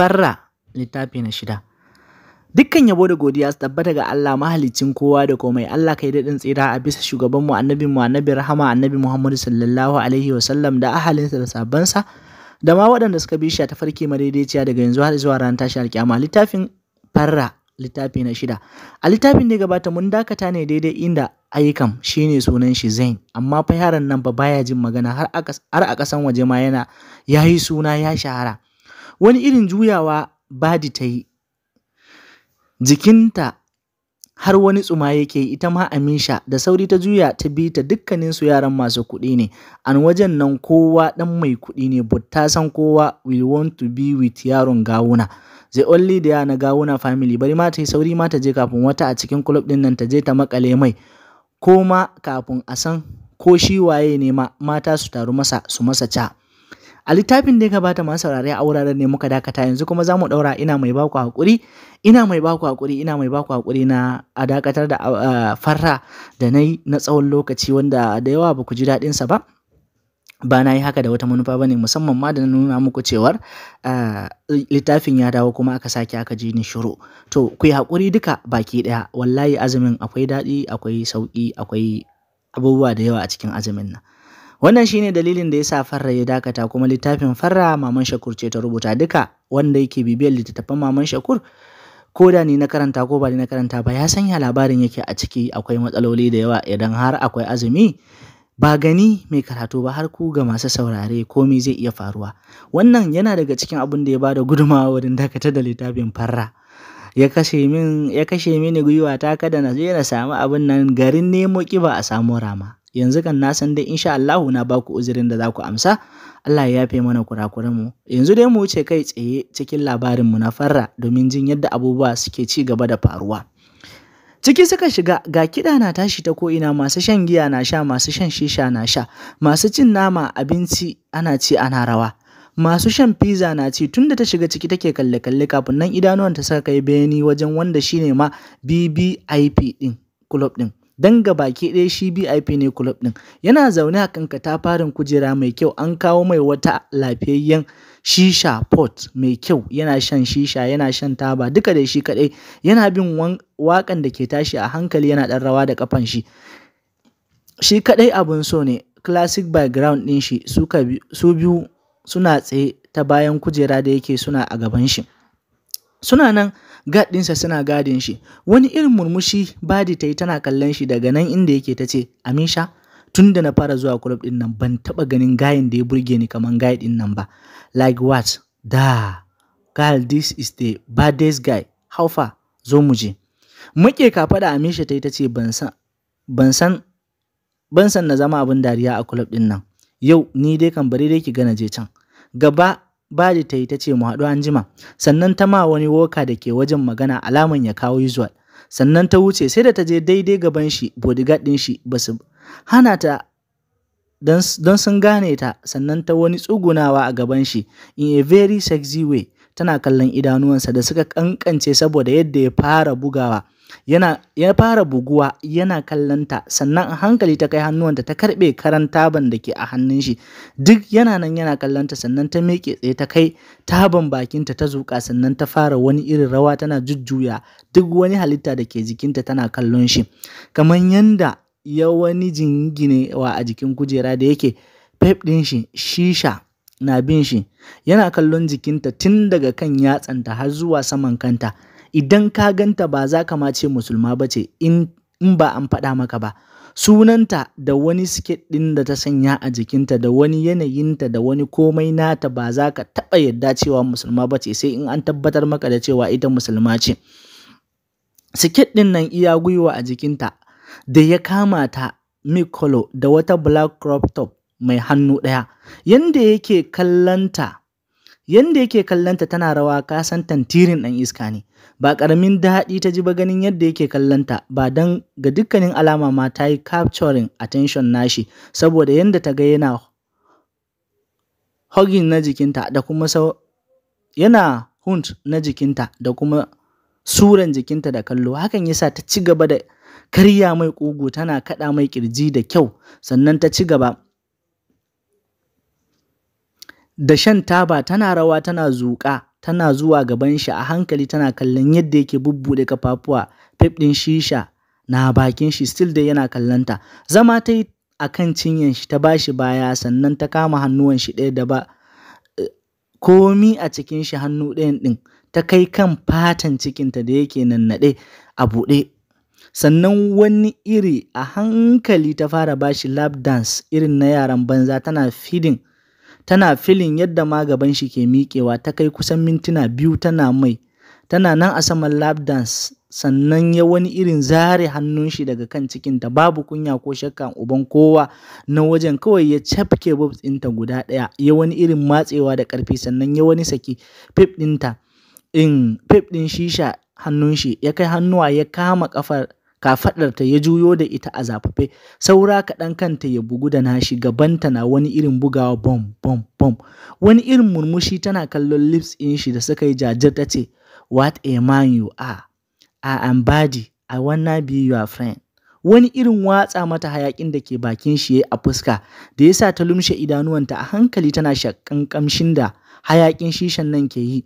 Farra littafi na shida. Dukkan yabo da godiya su tabbata ga Allah mahalicin kowa da komai Allah kai daɗin tsira a bisa shugabanmu annabi mu annabi rahama annabi Muhammadu sallallahu alaihi wasallam da ahalinsa da sabonsa. da ma waɗanda suka bi shi ta farki madaidaiciya daga yanzu har zuwa ran tashi alƙiyama littafin Farra littafi na shida. A littafin da gabata mun dakata ne daidai inda ayyukan shine sunan shi Zain amma fa yaron nan ba baya jin magana har a ƙasan waje ma yana yayi suna ya shahara. wani irin juyawa badi ta yi jikinta har wani tsuma yake ita ma Aminsha da sauri ta juya ta bi ta dukkanin su yaran masu kuɗi ne an wajen nan kowa dan mai kuɗi ne but ta san kowa we want to be with yaron gawuna the only da na gawuna family bari ma ta yi sauri ma ta je kafin wata a cikin club din nan ta je ta makale mai ko ma kafin a san ko shi waye ne ma mata su taru masa su masa ca a littafin da ya gabata masu saurare a wuraren ne muka dakata yanzu kuma za mu ɗaura ina mai baku haƙuri ina mai baku haƙuri ina mai baku haƙuri na a dakatar da farra da na na tsawon lokaci wanda da yawa ba ku ji daɗinsa ba ba na yi haka da wata manufa ba musamman ma da na nuna muku cewar littafin ya dawo kuma aka sake aka ji ni shiru to ku yi haƙuri duka baki ɗaya wallahi azumin akwai daɗi akwai sauki akwai abubuwa da yawa a cikin azumin nan Wannan shine dalilin da ya sa Farra ya dakata kuma littafin Farra Maman Shakur ce ta rubuta duka wanda yake bibiyar littattafan Maman Shakur ko da ni na karanta ko ba ni na karanta ba ya sanya labarin yake a ciki akwai matsaloli da yawa idan har akwai azumi ba gani mai karatu ba har ku ga masu saurare komai zai iya faruwa wannan yana daga cikin abin da ya bada gudumawa wurin dakatar da littafin Farra ya kashe min ya kashe mini gwiwa ta kada na je na samu abin nan garin nemo kiba a samu rama yanzu kan na san dai insha Allahu na ku uzurin da za ku amsa Allah ya yafe mana kurakuran mu yanzu dai mu wuce kai tsaye cikin labarin mu na farra domin jin yadda abubuwa suke ci gaba da faruwa ciki suka shiga ga kiɗa na tashi ta ko ina masu shan giya na sha masu shan shisha na sha masu cin nama abinci ana ci ana rawa masu shan pizza na ci tunda ta shiga ciki take kalle kalle kafin nan idanuwanta suka kai bayani wajen wanda shine ma BBIP din club din don baki ɗaya shi BIP ne kulob ɗin. Yana zaune a kan katafarin kujera mai kyau an kawo mai wata lafiyayyen shisha pot mai kyau yana shan shisha yana shan taba duka da shi kaɗai yana bin waƙan da ke tashi a hankali yana ɗan rawa da kafan shi. Shi kaɗai abun so ne classic background ɗin shi su biyu suna tsaye ta bayan kujera da yake suna a gaban shi. Suna nan gad ɗinsa suna gadin shi wani irin murmushi badi ta yi tana kallon shi daga nan inda yake ta ce amisha tun da na fara zuwa club ɗin nan ban taɓa ganin gayin da ya burge ni kamar gayi ɗin nan ba like what da girl this is the baddest guy how far zo mu je muke kafa da amisha ta yi ta ce ban san na zama abin dariya a club ɗin nan yau ni dai kan bari dai ki gana je can gaba bari ta yi ta ce mu haɗu an jima sannan ta ma wani woka da ke wajen magana alaman ya kawo usual sannan ta wuce sai da ta je daidai gaban shi bodyguard ɗin shi ba su hana ta don sun gane ta sannan ta wani tsugunawa a gaban shi in a very sexy way tana kallon idanuwansa da suka kankance saboda yadda ya fara bugawa yana ya fara buguwa yana kallanta sannan hankali ta kai hannuwanta ta karɓe karan taban da ke a hannun shi duk yana nan yana kallonta, sannan ta miƙe tsaye ta kai taban bakinta ta zuƙa sannan ta fara wani irin rawa tana jujjuya duk wani halitta da ke jikinta tana kallon shi kamar yanda ya wani jinginewa a jikin kujera da yake fef ɗin shi shisha na bin shi yana kallon jikinta tun daga kan yatsanta har zuwa saman kanta idan ka ganta ba za ka ma musulma ba ce in ba an faɗa maka ba sunanta da wani siket ɗin da ta sanya a jikinta da wani yanayinta da wani komai nata ba za ka taɓa yadda cewa musulma ba ce sai in an tabbatar maka da cewa ita musulma ce siket ɗin nan iya gwiwa a jikinta da ya kama ta mikolo da wata black crop top mai hannu ɗaya yanda yake kallanta tana rawa kasan tantirin ɗan iska ne Ba ƙaramin daɗi ta ji ba ganin yadda yake kallonta ba don ga dukkanin alama ma ta yi capturing attention nashi saboda yadda ta ga yana hugging na jikinta da kuma sau yana hunt na jikinta da kuma suran jikinta da kallo hakan yasa ta ci gaba da karya mai ƙugu tana kaɗa mai ƙirji da kyau sannan ta ci gaba da shan taba tana rawa tana zuƙa tana zuwa gaban shi a hankali tana kallon yadda yake bubbuɗe kafafuwa fef ɗin shisha na bakin shi still dai yana kallonta zama ta yi a kan cinyan shi ta bashi baya sannan ta kama hannuwan shi ɗaya da ba eh, komi a cikin shi hannu ɗayan ɗin ta kai kan fatan cikinta da yake nannaɗe a buɗe sannan wani iri a hankali ta fara bashi lap dance irin na yaran banza tana feeding tana filin yadda ma shi ke miƙewa ta kai kusan mintuna biyu tana mai tana nan a saman lap dance sannan ya wani irin zare hannun shi daga kan cikinta babu kunya ko shakkan uban kowa na wajen kawai ya cafke bobs ɗinta guda ɗaya ya wani irin matsewa da ƙarfi sannan ya wani saki pip ɗinta in pip ɗin shisha hannun shi ya kai hannuwa ya kama kafar ta ya juyo da ita a zafafe saura kaɗan kanta ya bugu da nashi gabanta na wani irin bugawa bom bom bom wani irin murmushi tana kallon lips in shi da suka yi jajir ta ce what a man you are i am body, i wanna be your friend wani irin watsa mata hayakin da ke bakin shi a fuska da yasa ta lumshe idanuwanta a hankali tana shakkan kamshin da hayakin shishan nan ke yi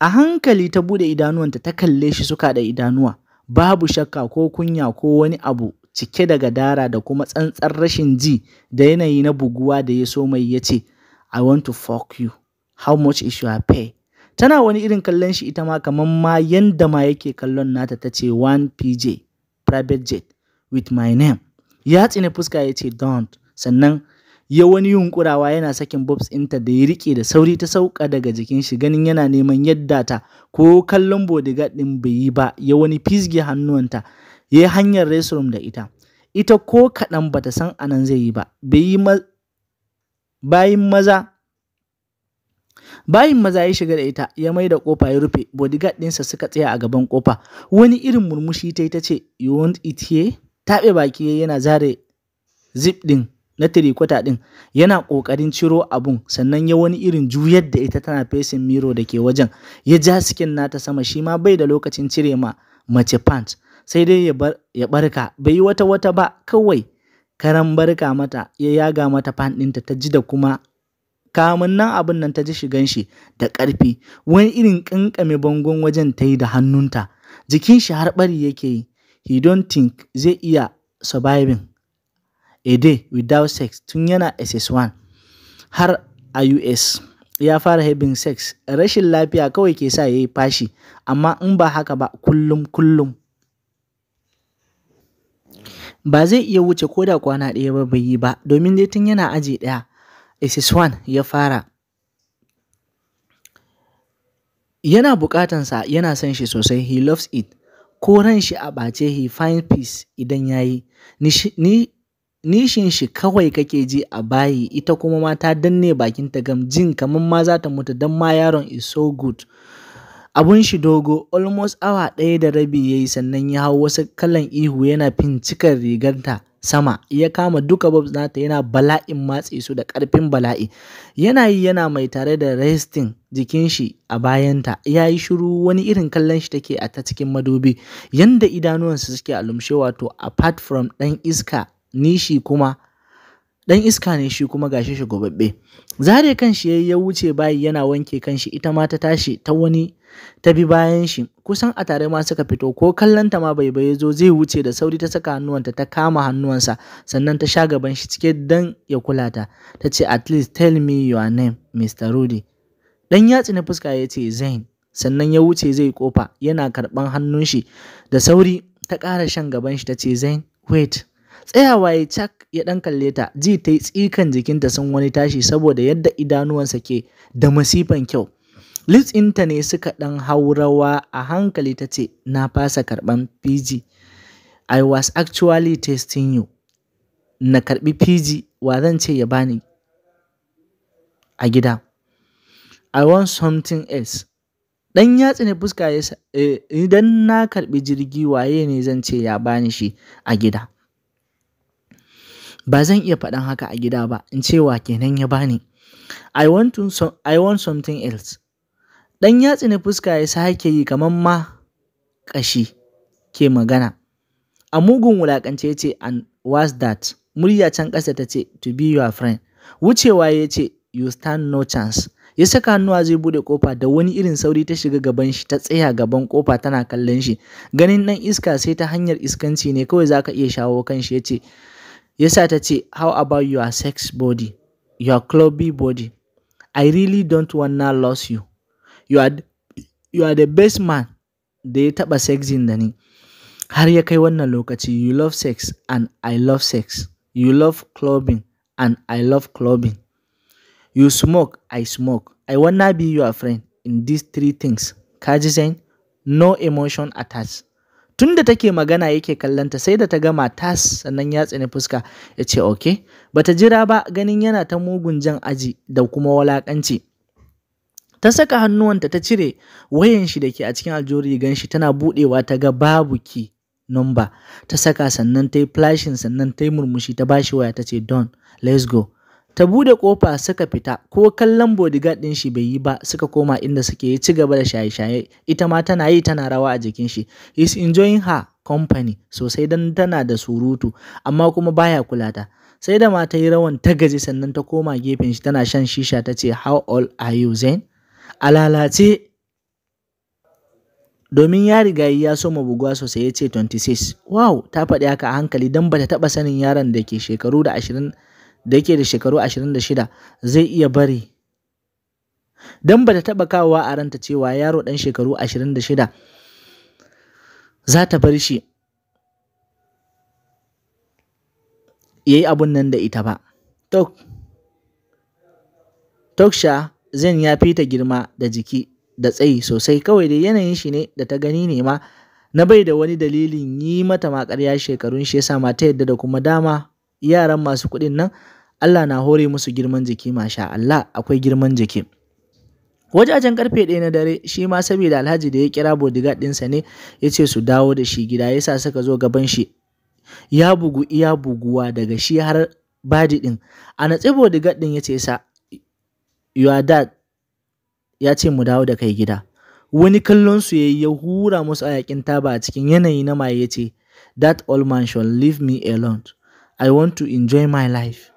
a hankali ta bude idanuwanta ta kalle shi suka da idanuwa babu shakka ko kunya ko wani abu cike da gadara da kuma tsantsar rashin ji da yanayi na buguwa da ya so mai ya ce, I want to fuck you, how much is your pay? Tana wani irin kallon shi ita ma kamar ma yanda ma yake kallon nata ta ce one PJ, private jet, with my name. Ya tsine fuska ya ce don't, sannan ya wani yunkurawa yana sakin bobs ɗinta da ya rike da sauri ta sauka daga jikin shi ganin yana neman yadda ta ko kallon bodyguard ɗin bai yi ba ya wani fisge hannuwanta ya yi hanyar restroom da ita ita ko kaɗan bata san anan zai yi ba bayin maza bayin maza ya shiga da ita ya mai da kofa ya rufe bodyguard ɗinsa suka tsaya a gaban kofa wani irin murmushi ta yi ta ce you want it here taɓe baki yana zare zip ɗin na tirikwata ɗin yana ƙoƙarin ciro abun sannan ya wani irin juyar da ita tana fesin miro da ke wajen ya ja sikin nata sama shi ma bai da lokacin cire ma mace pant sai dai ya barka bai yi wata wata ba kawai karan barka mata ya yaga mata pant ɗinta ta ji da kuma kamun nan abin nan ta ji shigan shi da ƙarfi wani irin ƙanƙame bangon wajen ta yi da hannunta jikin shi har ɓari yake yi he don't think zai iya surviving A Day Without Sex tun yana SS1 har a US. Ya fara having sex, rashin lafiya kawai ke sa ya yi fashi, amma in ba haka ba kullum kullum. Ba zai iya wuce ko da kwana ɗaya ba bai yi ba, domin dai tun yana aji ɗaya, SS1 ya fara. Yana bukatansa, yana son shi sosai, he loves it. Ko ran shi a ɓace, he finds peace idan ya yi. nishin shi kawai kake ji a bayi ita kuma mata ta danne bakinta gam jin kamar ma za ta mutu dan ma yaron is so good abun shi dogo almost awa ɗaya da rabi ya yi sannan ya hau wasu kalan ihu yana fin cikar rigarta sama ya kama duka bobs nata yana bala'in matse su da karfin bala'i yana yi yana mai tare da resting jikin shi a bayanta ya yi shiru wani irin kallon shi take a ta cikin madobi yanda idanuwansa suke alumshe wato apart from dan iska nishi kuma dan iska ne shi kuma gashi shi gobabbe zare kan shi yayi ya wuce bayi yana wanke kan shi ita ma ta tashi ta wani ta bi bayan shi kusan a tare ma suka fito ko kallon ta ma bai bai zo zai wuce da sauri ta saka hannuwanta ta kama hannuwansa sannan ta sha gaban shi cike dan ya kula ta ta ce at least tell me your name Mr. Rudy dan yatsi na fuska ya ce Zain sannan ya wuce zai kofa yana karban hannun shi da sauri ta ƙara shan gaban shi ta ce Zain wait Tsayawa ya cak ya ɗan kalle ta, ji ta yi tsikan jikinta sun wani tashi saboda yadda idanuwansa ke da masifan kyau. Lips ɗinta ne suka ɗan haurawa a hankali ta ce, Na fasa karɓan Fiji. I was actually testing you. Na karɓi Fiji, wa zan ce ya bani a gida. I want something else. Dan ya tsine fuska ya eh, idan na karɓi jirgi waye ne zan ce ya bani shi a gida. ba zan iya faɗan haka a gida ba in cewa kenan ya bani I want, to so, I want something else ɗan yatsi na fuska ya sake yi kamar ma ƙashi ke magana a mugun wulakance ya ce and was that murya can ƙasa ta ce to be your friend wucewa ya ce you stand no chance ya saka hannuwa zai bude kofa da wani irin sauri ta shiga gaban shi ta tsaya gaban kofa tana kallon shi ganin ɗan iska sai ta hanyar iskanci ne kawai zaka iya shawo kan shi ce. Yasa ta ce, How about your sex body, your clubby body? I really don't wanna lose you. You are, you are the best man da ya taɓa sexin da ni. Har ya kai wannan lokaci, you love sex and I love sex. You love clubbing and I love clubbing. You smoke, I smoke. I wanna be your friend in these three things. Kaji saying, no emotion attached. tun da take magana yake kallanta sai da ta gama tas sannan ya tsini fuska ya ce ok bata jira ba ganin yana ta mugun jan aji da kuma walakanci ta saka hannuwanta ta cire wayan shi da ke a cikin aljori gan shi tana budewa ta ga babu ki number ta saka sannan ta yi flashing sannan ta yi murmushi ta bashi waya ta ce don let's go ta buɗe kofa suka fita ko kallon bodyguard ɗin shi bai yi ba suka koma inda suke ya ci gaba da shaye-shaye ita ma tana yi tana rawa a jikin shi is enjoying her company sosai dan tana da surutu amma kuma baya kula ta sai da mata yi rawan ta gaji sannan ta koma gefen shi tana shan shisha ta ce how old are you Zain a lalace domin ya riga ya so buguwa sosai ya ce 26 wow ta faɗi haka a hankali don bata taɓa sanin yaron da ke shekaru da ashirin da yake da shekaru 26 zai iya bari don ba ta taɓa kawowa a ranta cewa yaro ɗan shekaru 26 za ta bar shi ya yi abun nan da ita ba. Toksha zan ya fi ta girma da jiki da tsayi sosai kawai da yanayin shi ne da ta gani ne ma na bai da wani dalilin yi mata makarya shekarun shi yasa ma ta yadda da kuma dama yaran masu kuɗin nan Allah na hore musu girman jiki masha Allah akwai girman jiki wajajen karfe ɗaya na dare shi ma saboda alhaji da ya kira bodyguard ɗinsa ne ya ce su dawo da shi gida yasa suka zo gaban shi ya bugu iya buguwa daga shi har badi ɗin a natsi bodyguard ɗin ya ce sa your dad ya ce mu dawo da kai gida wani kallon su ya hura musu ayakin taba a cikin yanayi na maye ya ce that old man shall leave me alone I want to enjoy my life.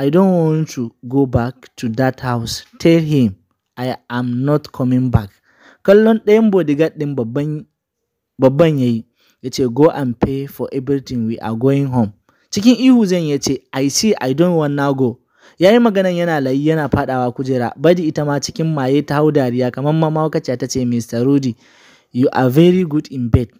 I don't want to go back to that house. Tell him I am not coming back. Kallon ɗayan bodyguard ɗin babban ya yi, ya ce, Go and pay for everything we are going home. Cikin ihu zan ya ce, I see I don't want now go. Ya yi maganan yana layi yana fadawa kujera, badi ita ma cikin maye ta hau dariya kamar kacce ta ce, Mr. Rudy, you are very good in bed.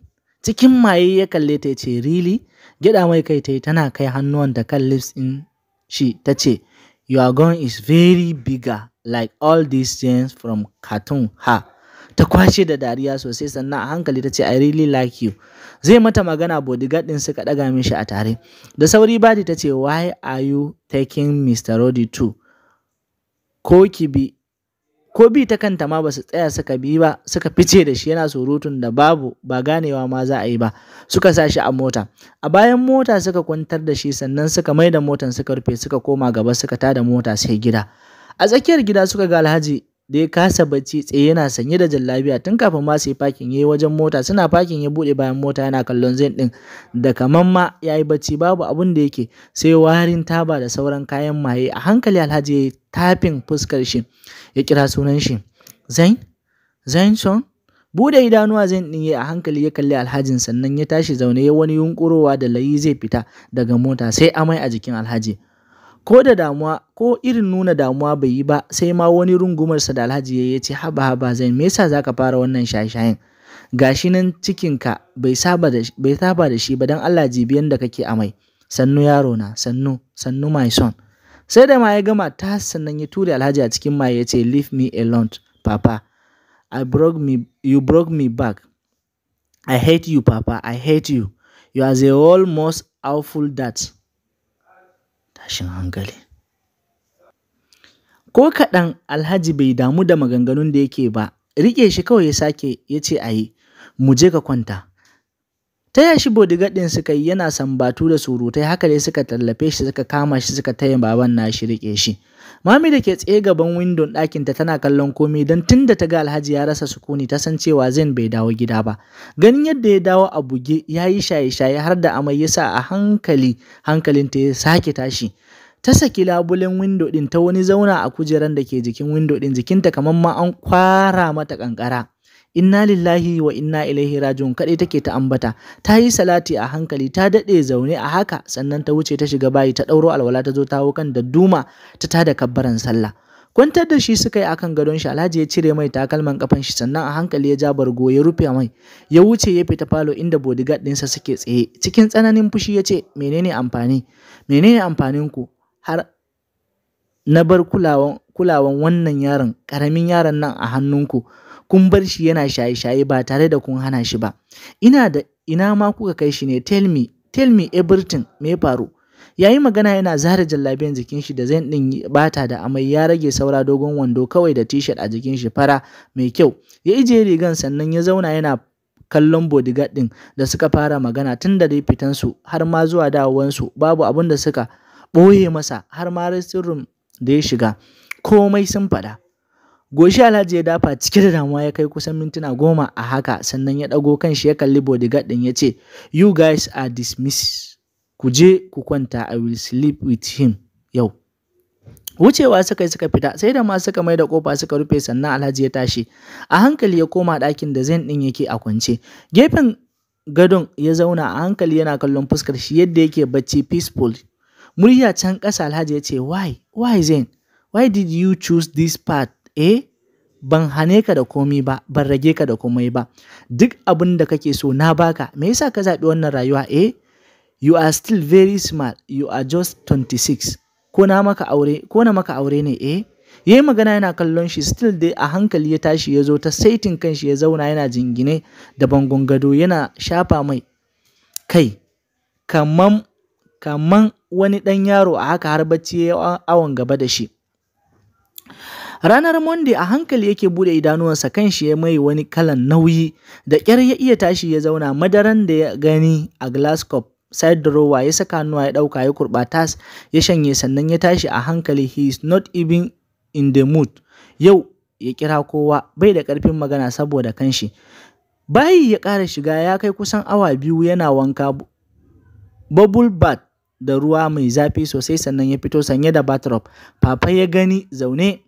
Cikin maye ya kalle ta ce, Rili, gyaɗa mai kai ta yi tana kai hannuwan da kan lips in shi ta ce, Your gun is very bigger like all these things from cartoon ha. Ta kwashe da dariya sosai sannan a hankali ta ce I really like you. Zai mata magana bodyguard din suka ɗaga shi a tare. Da sauri Badi ta ce why are you taking Mr. Roddy too? Ko ki bi ko bi ta kanta ma ba su tsaya suka bi ba suka fice da shi yana surutun da babu ba ganewa ma za a yi ba suka sa shi a mota a bayan mota suka kwantar da shi sannan suka mai da motan suka rufe suka koma gaba suka tada mota sai gida a tsakiyar gida suka ga alhaji da ya kasa bacci tsaye yana sanye da jallabiya tun kafin ma sai fakin yayi wajen mota suna fakin ya bude bayan mota yana kallon zain din da kaman ma yayi bacci babu abun da yake sai warin taba da sauran kayan maye a hankali Alhaji ya tafin fuskar shi ya kira sunan shi Zain Zain son bude idanuwa zain din a hankali ya kalli alhajin sannan ya tashi zaune ya wani yunkurowa da layi zai fita daga mota sai amai a jikin alhaji ko da damuwa ko irin nuna damuwa bai yi ba sai ma wani rungumarsa da alhaji ya ce haba haba zai me yasa zaka fara wannan shaye-shayen gashi nan cikinka bai saba da bai saba da shi ba dan Allah jibiyan da kake amai sannu yaro na sannu sannu my son sai da ma ya gama ta sannan ya ture alhaji a cikin maye ya ce leave me alone papa i broke me you broke me back i hate you papa i hate you you are the almost awful that tashin hankali. Ko kaɗan Alhaji bai damu da maganganun da yake ba, riƙe shi kawai ya sake ya ce a yi, mu je ka kwanta. ya shi bodyguard suka yi yana sambatu da surutai haka dai suka tallafe shi suka kama shi suka taya baban na shi rike shi mami da ke tsaye gaban windon ɗakin ta tana kallon komai don tun da ta ga alhaji ya rasa sukuni ta san cewa zain bai dawo gida ba ganin yadda ya dawo a buge ya yi shaye shaye har da amai ya sa a hankali hankalin ta ya sake tashi ta saki labulen windo ɗin ta wani zauna a kujerar da ke jikin windo ɗin jikinta kamar ma an kwara mata kankara inna lillahi wa inna ilaihi rajiun kadai take ta ambata ta yi salati a hankali ta dade zaune a haka sannan ta wuce ta shiga bayi ta dauro alwala ta zo ta kan da duma ta tada kabbaran sallah kwantar da shi suka yi akan gadon shi alhaji ya cire mai takalman kafan shi sannan a hankali ya ja bargo ya rufe mai ya wuce ya fita falo inda bodyguard ɗinsa suke tsaye cikin tsananin fushi ya ce menene amfani menene amfanin ku har na bar kulawan kulawan wannan yaron karamin yaron nan a hannunku kun bar shi yana shaye-shaye ba tare da kun hana shi ba ina da ina ma kuka kai shi ne tell me tell me everything me faru yayi magana yana zara jallabiyan jikin shi da zan din bata da amai ya rage saura dogon wando kawai da t-shirt a jikin shi fara mai kyau ya ije rigan sannan ya zauna yana kallon bodyguard din da suka fara magana tun da dai fitan su har ma zuwa su babu abin da suka ɓoye masa har ma restroom da ya shiga komai sun faɗa Goshi Alhaji ya dafa cike da damuwa ya kai kusan mintuna goma a haka sannan ya dago kan shi ya kalli bodyguard ɗin ya ce, You guys are dismissed. Ku je ku kwanta I will sleep with him yau. Wucewa suka yi suka fita sai da ma suka mai da kofa suka rufe sannan Alhaji ya tashi. A hankali ya koma ɗakin da zain ɗin yake a kwance. Gefen gadon ya zauna a hankali yana kallon fuskar shi yadda yake bacci peaceful. Murya can ƙasa Alhaji ya ce, Why? Why Zain? Why did you choose this path? eh ban hane ka da komai ba ban rage ka da komai ba duk abin da kake so na baka me yasa ka zaɓi wannan rayuwa eh you are still very smart you are just 26 ko na maka aure ko na maka aure ne eh magana yana kallon shi still dai a hankali ya tashi ya zo ta saitin kanshi ya zauna yana jingine da bangon gado yana shafa mai kai kaman kaman wani ɗan yaro a haka har bacci ya awon gaba da shi Ranar Monday a hankali yake bude idanuwansa kan shi ya mai wani kalan nauyi da ƙyar ya iya tashi ya zauna madaran da ya gani a Glasgow side drawer ya saka hannuwa ya ɗauka ya kurɓata ya shanye sannan ya tashi a hankali he is not even in the mood yau ya kira kowa bai da karfin magana saboda kanshi bayi ya ƙara shiga ya kai kusan awa biyu yana wanka bubble bath da ruwa mai zafi sosai sannan ya fito sanye da bathrobe papa ya gani zaune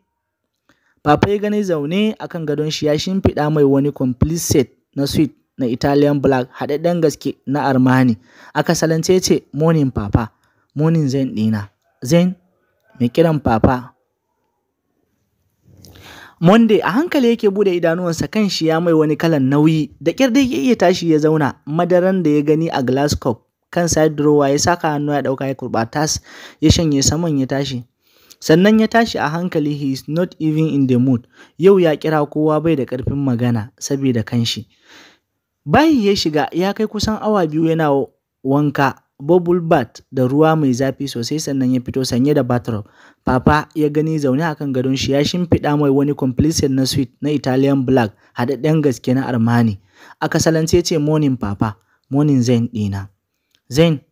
Papa ya gani zaune a kan gadon shi ya shimfiɗa mai wani complete set na suite na Italian Black haɗaɗɗen gaske na Armani. aka salance ce morning papa, morning zen ɗina. zen mai kiran papa. Monday a hankali yake bude idanuwansa kan shi ya mai wani kalan nauyi da ƙyar dai ya iya tashi ya zauna madaran da ya gani a Glasgow kan side drawer ya saka hannu ya ɗauka ya kurɓa tas ya shanye saman ya tashi Sannan ya tashi a hankali he is not even in the mood. Yau ya kira kowa bai da ƙarfin magana saboda kanshi. Bayi ya shiga ya kai kusan awa biyu yana wanka bubble bath da ruwa mai zafi sosai sannan ya fito sanye da bathrobe. Papa ya gani zaune akan gadon shi ya shimfiɗa mai wani complicit na sweet na Italian black haɗaɗɗen gaske na Armani. A kasalance ce morning papa, morning Zain ɗina. Zain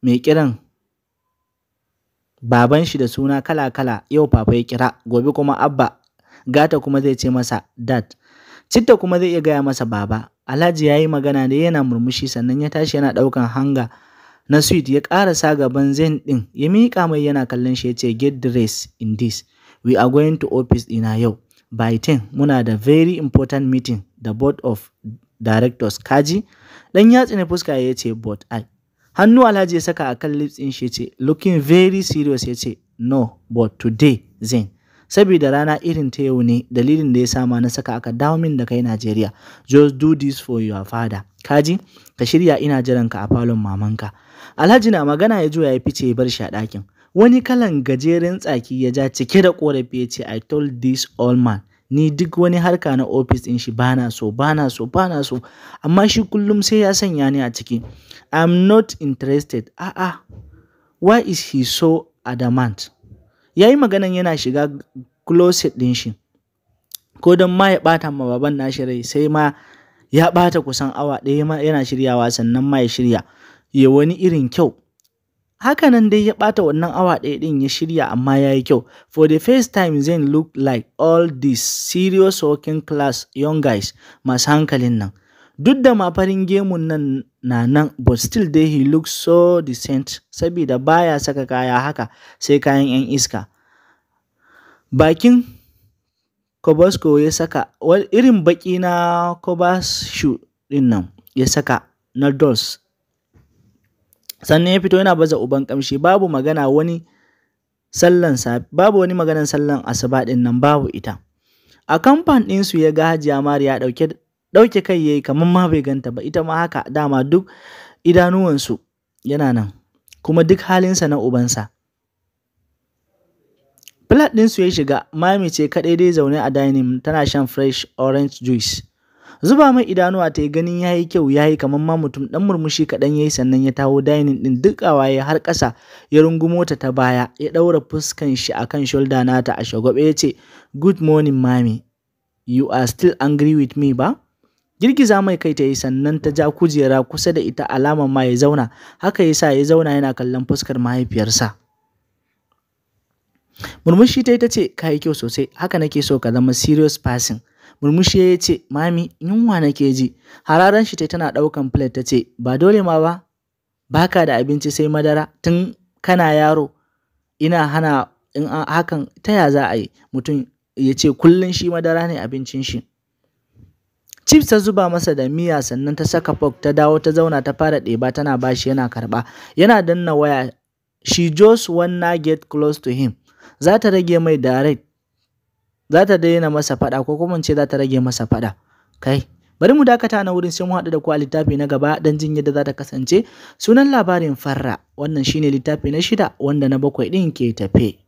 mai kiran baban shi da suna kala-kala yau papa ya kira gobe kuma abba gata kuma zai ce masa dad citta kuma zai iya gaya masa baba alhaji ya yi magana da yana murmushi sannan ya tashi yana ɗaukan hanga na sweet ya sa gaban zen din. ya mika mai yana kallon shi ya ce get race in this we are going to office ɗina yau by 10 muna da very important meeting the board of directors kaji dan ya tsine fuska ya ce board i hannu alhaji ya saka a kan lips ɗin shi ce looking very serious ya ce no but today zen saboda rana irin ta yau ne dalilin da ya sama na saka aka dawo min da kai Najeriya just do this for your father kaji ka shirya ina jiran ka a falon mamanka Alhaji na magana ya juya ya fice bar shi a ɗakin wani kalan gajeren tsaki ya ja cike da korafi ya ce I told this all man Ni duk wani harka na ofis ɗin shi bana so, bana so, bana so. Amma shi kullum sai ya sanya ni a ciki. I'm not interested. A'a, why is he so adamant? Ya yi maganan yana shiga closet ɗin shi. Ko don ma ya ɓata ma baban nashi rai sai ma ya bata kusan awa ɗaya yana shiryawa sannan ma ya shirya. Ya wani irin kyau. hakanan dai ya bata wannan awa ɗaya ɗin ya shirya amma ya yi kyau. For the first time Zayn look like all these serious working class young guys masu hankalin nan. Duk da ma farin gemun nan na nan but still dai he looks so decent saboda baya saka kaya haka sai kayan 'yan iska. Bakin Kobasko ya saka irin baki na Kobashu ɗin nan ya saka na Dolls sannan ya fito yana baza uban kamshi babu magana wani sallan babu wani maganan sallan asuba din nan babu ita a kamfan din ya ga Hajiya Mariya dauke dauke kai yayi kamar ma bai ganta ba ita ma haka dama duk idanuwan yana nan kuma duk halinsa na ubansa Flat ɗinsu ya shiga, mami ce kaɗai dai zaune a dining tana shan fresh orange juice. zuba mai idanuwa ta yi ganin ya yi kyau ya yi kamar ma mutum ɗan murmushi kaɗan ya yi sannan ya tawo dainin ɗin duk ya har ƙasa ya rungumo ta ta baya ya ɗaura fuskan shi a kan shoulder nata a shagwabe ya ce good morning mami you are still angry with me ba girgiza mai kai ta yi sannan ta ja kujera kusa da ita alamar ma ya zauna haka ya sa ya zauna yana kallon fuskar mahaifiyarsa murmushi ta yi ta ce ka yi kyau sosai haka nake so ka zama serious passing. Murmushi ya ce, Mami, yunwa nake ji. Hararan shi ta tana ɗaukan filet ta ce, Ba dole ma ba, baka da abinci sai madara tun kana yaro. Ina hana in hakan ta ya za a yi mutum ya ce kullum shi madara ne abincin shi. Chips ta zuba masa da miya sannan ta saka fok ta dawo ta zauna ta fara ɗeba tana bashi yana karɓa. Yana danna waya, she just wanna get close to him. Za ta rage mai direct za ta daina masa faɗa ko kuma ce za ta rage masa faɗa kai bari mu dakata na wurin sai mu haɗu da ku a littafi na gaba dan jin yadda za ta kasance sunan labarin farra wannan shine littafi na shida wanda na bakwai ɗin ke tafe